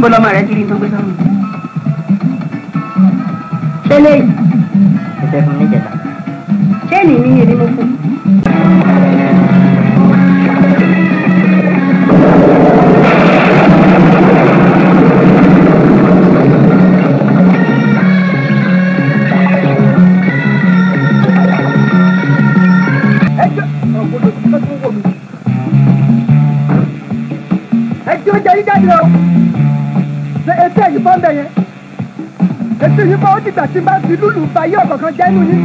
બોલો મારે જીવી તો બોલો ચલે એટલે કોણ નહીં જતા છે નહીં નહીં એની મૂકું Hey, do it, Daddy, Daddy, etí ẹ̀yìn bọ́ńbẹ̀ yẹn etí yìí bá ó dìgbà tí n bá fi lúlù bá yí ọ̀kọ̀ọ̀kan jẹ́ nù yín.